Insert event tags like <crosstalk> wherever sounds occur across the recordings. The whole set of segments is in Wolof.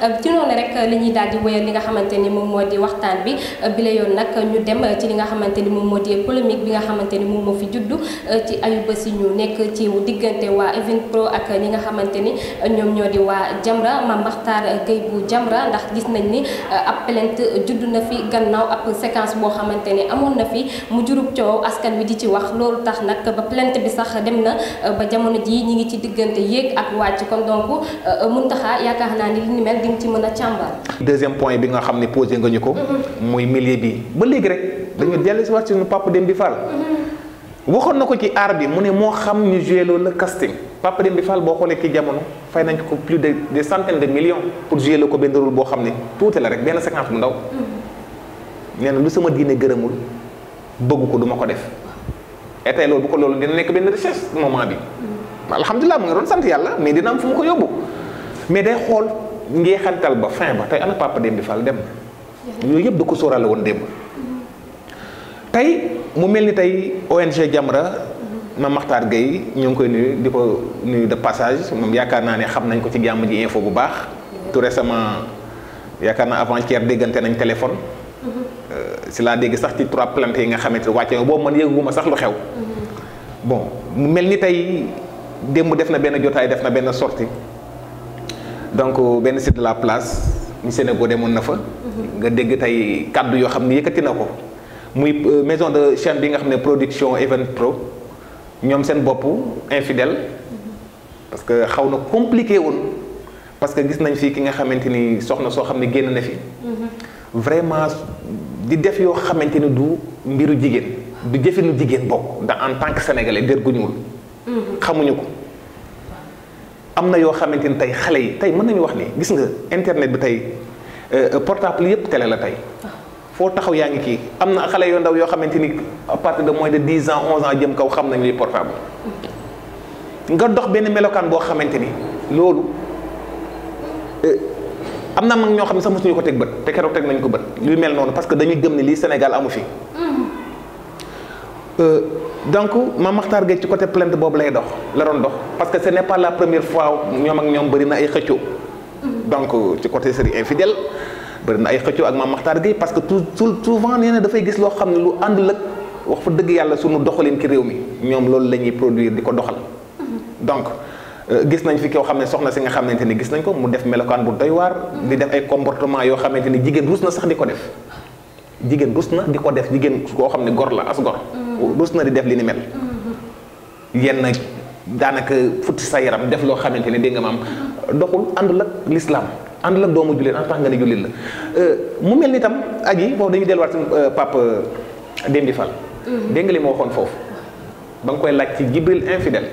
Euh, ci noonu rek euh, li ñuy daal di wéyal li nga xamante ni moom moo di waxtaan bi euh, bi yoon nag ñu dem ci li nga xamante ni moom moo di polémique bi nga xamante ni moom moo fi juddu ci ayu bés yi nekk ci diggante waa Evenpro ak li nga xamante ni ñoom ñoo di waa Jamra Mame Makhtar Gueye bu Jamra ndax gis nañ ni ab plainte juddu na fi gannaaw ab séquence boo xamante ni amoon na fi mu jurub coow askan wi di ci wax loolu tax nag ba plainte bi sax dem na ba jamono ji ñi ngi ci diggante yéeg ak wàcc kon donc Mountakha yaakaar naa ni li ni mel di nga ci mën bi nga xam ne posé nga ñu ko. mooy mm-hmm. millier bi ba léegi rek dañu mm-hmm. dellu si waat suñu Papa Demba Fall. Mm-hmm. waxoon na ko ci aar bi mu ne moo xam ñu joué loolu la casting dem bi Fall boo xoolee ki jamono fay nañ ko plus de des centaines de million pour joué la ko benn rôle boo xam ne tuuti la rek benn séquence bu ndaw. nee na lu sama diine gërëmul bëgg ko duma ko def. et tey loolu bu ko loolu dina nekk benn recherche moment bi. alhamdulilah mu ngi doon sant yàlla mais dina fu mu ko yóbbu ngeexantal ba fin ba tey ana papa Demba Fall dem na yooyu yëpp da ko sóoraale woon démb tey mu mel ni tey ONG Jamra ma maxtar Gueye ñoo ngi koy nuyu di ko nuyu de passage moom yaakaar naa ne xam nañ ko ci jàmm ji info bu baax tout récemment yaakaar naa avant-hier déggante nañ téléphone euh, si laa dégg sax ci trois plaintes yi nga xamante wàcce boobu man yëguma sax lu xew mm-hmm. bon mu mel ni tey démb def na benn jotaay def na benn sorti donc benn site de la place ñu Sénégal demoon na fa. Mhm. nga dégg tey kàddu yoo xam ne yëkkati na ko. muy euh, maison de chaîne bi nga xam ne production event pro ñoom seen bopp infidèle mhm. parce que xaw na compliqué woon parce que gis nañ fii ki nga xamante ni soxna soo xam ne génn na fi. Mhm. vraiment di def yoo xamante ni du mbiru jigéen du jëfinu jigéen bokk ndax en tant que sénégalais dér gu ñuul xamuñu ko. am na yoo xamante ni tey xale yi tey mën nañu wax ni gis nga internet bi tey euh, portable yépp télé la tey foo taxaw yaa ngi kii am na xale yoo ndaw yoo xamante ni à partir de moins de dix ans onze ans jëm kaw xam nañu li portable nga dox benn melokaan boo xamante ni loolu euh, am na mag ñoo xam ne sax mosuñu ko teg bët te keroog teg nañu ko bët lu mel noonu parce que dañuy gëm ne lii Sénégal amu fi. Mmh. Euh, donc Mame Makhtar Gueye ci côté plainte boobu lay dox la doon dox parce que ce n'est pas la première fois ñoom ak ñoom bari na ay xëccoo donc ci côté série infidèle bëri na ay xëccoo ak Mame Makhtar Gueye parce que tout souvent nee na dafay gis loo xam ne lu àndul ak wax fa dëgg yàlla sunu doxalin ci réew mi ñoom loolu la ñuy produire di ko doxal donc euh, gis nañ fi koo xam ne soxna si nga xamante ni gis nañ ko mu def melokaan bu doy waar di def ay comportement yoo xamante ni jigéen rus na sax di ko def jigéen rus na di ko def jigéen koo xam ne gor la as rus na di def li ni mel yenn daanaka futti sa yaram def loo xamante ne dégg nga maam doxul àndul ak lislaam àndul ak doomu jullit en tant nga ne jullit la euh, mu mel ni tam yi foofu dañuy delluwaat euh, Pape euh, Demba Fall mm-hmm. dégg nga li ma foofu ba nga koy laaj ci Jibril infidèle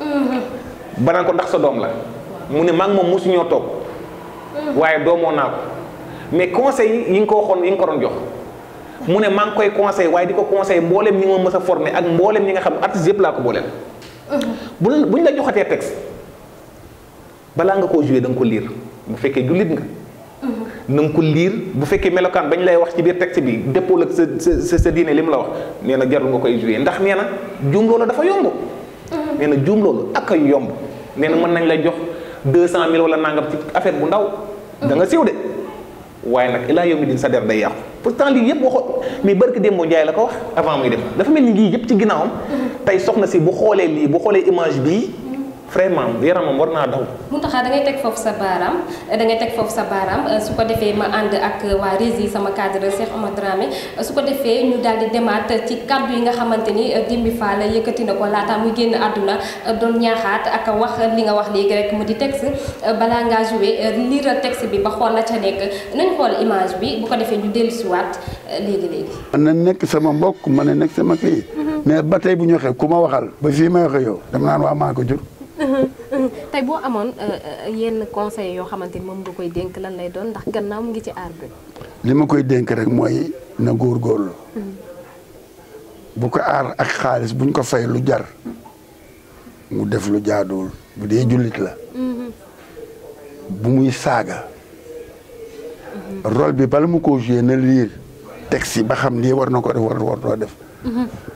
mm-hmm. ba ko ndax sa doom la mu ne maa ngi moom mosuñoo toog mm-hmm. waaye doomoo naa ko mais conseil yi nga ko waxoon yi nga ko doon jox mu ne maa ngi koy conseil waaye di ko conseil mboolem ñi ma mës a formé ak mboolem ñi nga xam artiste yëpp laa ko booleel. bu buñ la joxatee texte balaa nga koo joué da nga ko liir bu fekkee jullit nga. na nga ko liir bu fekkee melokaan bañ lay wax ci biir texte bi dëppoo ak sa sa sa diine li mu la wax nee na jarul nga koy joué ndax nee na juum loolu dafa yomb. nee na juum loolu ak yomb nee na mën nañ la jox deux cent mille wala nangam ci affaire bu ndaw. da nga siiw waaye nag ilaa yawmi din sa der day yàqu pourtant lii yëpp waxo mais barki Demba Ndiaye la ko wax avant muy def dafa mel ni lii yëpp ci ginnaawam tey soxna si bu xoolee lii bu xoolee image bii vraiment yaramam war naa daw. Mountakha da ngay teg foofu sa baaraam dangay teg foofu sa baaraam su ko defee ma ànd ak waa Rési sama cadre Cheikh Omar Dramé su ko defee ñu daal di demaat ci kàddu yi nga xamante ni Demba Fall yëkkati na ko laata muy génn àdduna doon ñaaxaat ak wax li nga wax léegi rek mu di texte balaa ngaa joué lire texte bi ba xool la ca nekk nañ xool image bi bu ko defee ñu dellusiwaat léegi léegi. na nekk sama mbokk ma na nekk sama kii. Mhm. mais ba tey bu ñu waxee ku ma waxal ba fii may waxee yow dem naan waa maa ko jur. tey boo amoon euh, yenn conseil yoo xamante ni moom nga koy dénk lan lay doon ndax gannaaw mu ngi ci aar bi. li ma koy dénk rek mooy na góorgóorlu. Hmm. bu ko aar ak xaalis buñ ko fay lu jar mu def lu jaaduwul bu dee jullit la. Hmm. bu muy saaga. Hmm. rôle bi bala mu ko joué na liir texte yi ba xam lii war na ko def war war def.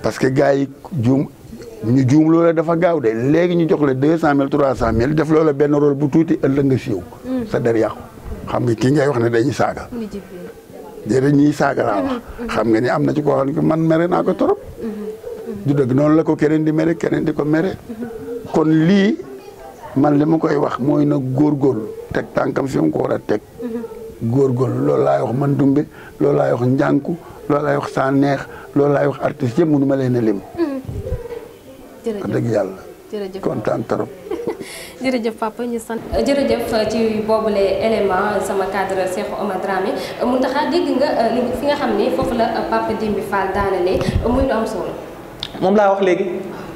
parce que yi juum ñu juum loole dafa gaaw de léegi ñu jox la deux cent mille trois cent def loole benn rôle bu tuuti ëllëg nga siiw. Mm. sa der yàqu xam nga kii ngay wax ne dañuy saaga. déedéet ñuy saaga laa wax. Mm-hmm, mm-hmm. xam nga ni am na ci ko xam ne man mere naa ko trop. Mm-hmm, du dëgg noonu la ko keneen di mere keneen di ko mere. kon lii man li ma koy wax mooy na góor góorgóorlu teg tànkam si mu ko war a teg. góorgóorlu loolu laay wax man dumbe loolu laay wax njànku loolu laay wax saa neex loolu laay wax artiste yëpp mënu ma leen a lim. jërëjëf dëgg yàlla. jërëjëf kontaan trop. <laughs> jërëjëf papa ñu sant. jërëjëf ci boobule élément sama cadre Cheikh Omar Dramé mu taxa dégg nga euh, fi nga xam ni foofu la euh, papa Dimbi Fall daanalee euh, muy lu am solo. moom laa wax léegi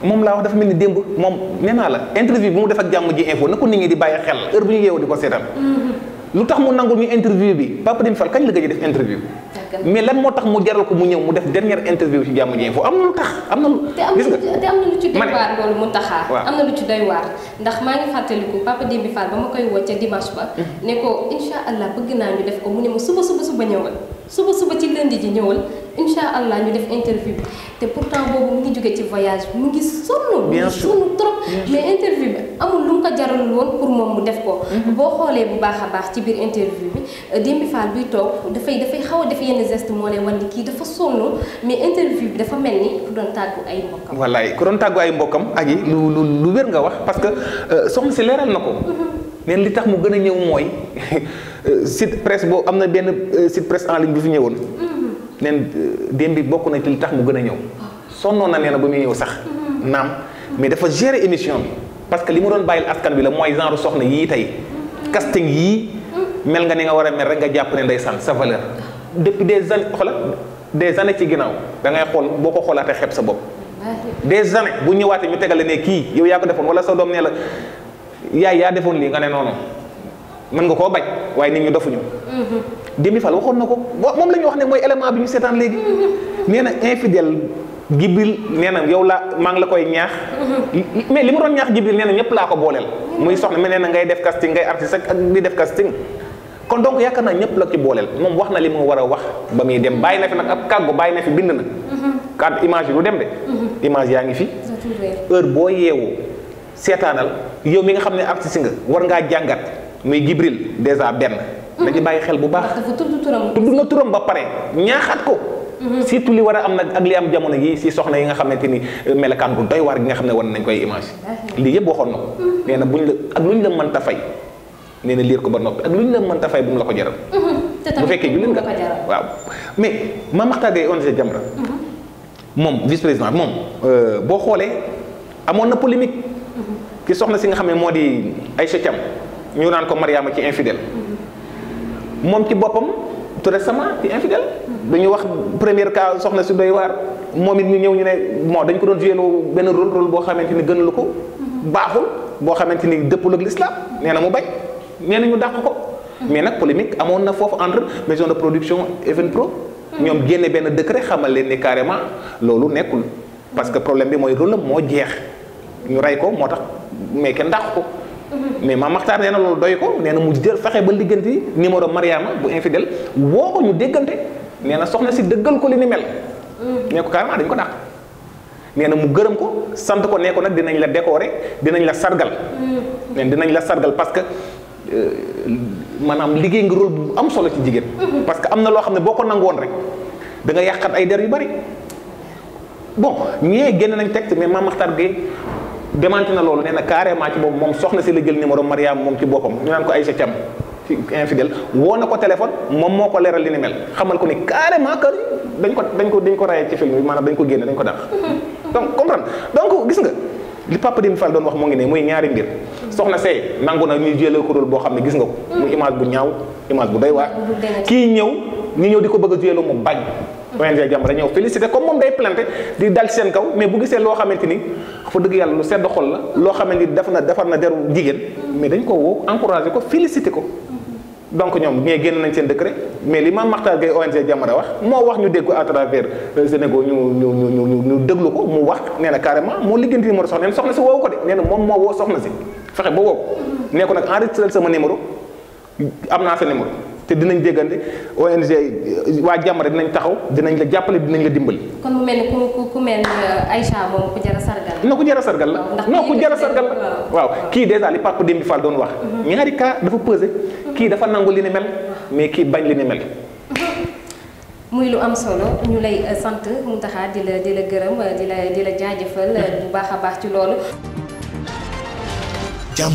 moom laa wax dafa mel ni démb moom nee naa la interview bi mu def ak jàmm ji info na ko nit ñi di bàyyi xel heure bu ñu yeewu di ko seetal. Mm-hmm. lu tax mu nangul ñu interview bi Papa Dim Fall kañ la gëj def interview. mais lan moo tax mu jaral ko mu ñëw mu def dernière interview ci jàmm ñee foofu am na lu tax am na lu. te am na lu ci doy waar loolu mun taxaa am na lu ci doy waar ndax maa ngi fàttaliku Papa bi Fall ba ma koy woo ca dimanche ba. Mhm. ne ko incha allah bëgg naa ñu def ko mu ne ma suba suba suba ñëwal. suba suba ci lundi ji ñëwal incha allah ñu def interview bi te pourtant boobu mu ngi jóge ci voyage mu ngi sonn. bien sûr sonn trop mais interview bi amul lu mu ko jaralul woon pour moom mu def ko. Mhm. boo xoolee bu baax a baax ci biir interview bi euh, Demba Fall buy toog dafay dafay xaw a def yenn geste moo lay wan ni kii dafa sonn mais interview bi dafa mel ni ku doon tàggu ay mbokkam. wallaay ku doon tàggu ay mbokkam ak yi lu lu lu wér nga wax parce que euh, soxna si leeral na ko. Mhm. neen li tax mu gën a ñëw mooy <laughs> site presse boo am na benn euh, site presse en ligne bi fi ñëwoon. Mm-hmm. neen euh, démb bi bokk na ci li tax mu gën a ñëw. sonnoon na nee na ba muy ñëw sax. Mm-hmm. naam mais dafa gérer émission bi parce que li ma doon bàyyil askan bi la mooy genre soxna yii tey mm-hmm. casting yii. mel nga ne nga war a mel rek nga jàpp ne ndeysaan sa valeur. depuis des années xoola des années ci ginnaaw da ngay xool boo ko xoolaatee xeeb sa bopp. des années bu ñëwaatee ñu tegale ne kii yow yaa ko defoon wala sa doom la. yaay yaa defoon lii nga ne noonu mën nga koo bañ waaye nit ñu dofuñu. Démb mm-hmm. Fall waxoon na ko moom la ñu wax ne mooy élément bi ñu seetaan léegi. Mm-hmm. nee na infidèle Jibril nee na yow la maa ngi la koy ñaax. Mm-hmm. mais li mu doon ñaax Jibril nee na ñëpp laa ko booleel. muy soxna mais nee na ngay def casting ngay artiste ak di def casting. kon donc yaakaar naa ñëpp la ci booleel moom wax na li mu war a wax ba muy dem bàyyi na fi nag ab kàggu bàyyi na fi bind na. kàddu image yi dem de. image yaa ngi fi. heure boo yeewoo. seetaanal yow mi nga xam ne artiste nga war ngaa jàngat muy Jibril dèjà benn. dañu bàyyi xel bu baax. tudd turam. tudd ba pare ñaaxaat ko. Mm-hmm. surtout li war a am nag ak li am jamono yi si soxna yi nga xamante ni euh, melekaan bu doy waar gi nga xam ne war nañ koy image mm-hmm. lii yëpp waxoon na ko. Mm-hmm. nee na buñ la ak luñ la mënta fay nee na liir ko ba noppi ak luñ la mënta fay bu mu la ko jaral. bu fekkee jullit nga waaw. mais ma maxtaade ONG Jamra moom vice président moom euh, boo xoolee amoon na polémique. ki soxna si nga xam ne moo di Aïcha Thiam ñu naan ko Mariama ci infidèle moom ci boppam tout récemment ci infidèle dañu wax première cas soxna si doy waar moom it ñu ñëw ñu ne moo dañ ko doon joué benn rôle rôle boo xamante ni gënalu ko baaxul boo xamante ni dëppul ak l'islam nee na mu bañ nee na ñu dàq ko mais nag polémique amoon na foofu entre maison de production Evenpro ñoom génne benn décret xamal leen ni carrément loolu nekkul parce que problème bi mooy rôle am moo jeex ñu rey ko moo tax mais kenn dàq ko. mais maam Maxtaar nee na loolu doy ko nee na mu jël fexe ba ligganti numéro Mariama bu infidèle woo ko ñu déggante nee na soxna si dëggal ko li ni mel. nee ko carrément dañ ko dàq. nee na mu gërëm ko sant ko nee ko nag dinañ la décorer dinañ la sargal. nee dinañ la sargal parce que euh, maanaam liggéey ngi rôle bu am solo ci jigéen. parce que am na loo xam ne boo ko nangoon rek da nga yàqat ay der yu bari. bon ñee génn nañ teg mais maam Maxtaar démenti na loolu nee na carrément ci boobu moom soxna si la jël numéro Mariam moom ci boppam ñu naan ko Aïcha Thiam ci infidèle woo na ko téléphone moom moo ko leeral li ni mel xamal ko ni carrément que dañ ko dañ ko dañ ko rayee ci film bi dañ ko génne dañ ko dàq <laughs> donc comprendre donc gis nga li Papa Demba Fall doon wax moo ngi ne muy ñaari mbir soxna seey nangu na ñuy jëlee ko rôle boo xam ne gis nga ko mu image bu ñaaw image bu doy waa kii ñëw ñu ñëw di ko bëgg a jëloo mu bañ ONG Jamra ñëw félicité comme moom day planté di dal ci seen kaw mais bu gisee loo xamante ni fa dëgg yàlla lu sedd xol la loo xamante ni def na defar na deru jigéen mais dañ ko woo encouragé ko félicité ko donc ñoom ñee génn nañ seen décret mais li Mame Makhtar Gueye ONG Jamra wax moo wax ñu dégg ko à travers euh, Sénégal ñu ñu ñu ñu ñu lu ko mu wax nee na carrément moo liggéenti numéro soxna nee na soxna si woowu ko de nee na moom moo woo soxna si fexe ba woo ko mm-hmm. nee sama numéro am naa sa numéro te dinañ déggante ONG waa Jamra dinañ taxaw dinañ la jàppale dinañ la dimbali. kon mu mel ni ku ku mel ni euh, Aïcha moom ku jar a sargal la. non ku jar a sargal la. non ku jar a sargal la. waaw kii dèjà li Pape Demba Fall doon wax. Mhm. ñaari cas dafa pesé. Mhm. kii dafa nangu li ni mais kii bañ li ni mel. Mhm. muy lu am solo ñu lay euh, sant Mountakha di la di la gërëm euh, di la di la jaajëfal bu baax a baax ci loolu. jàmm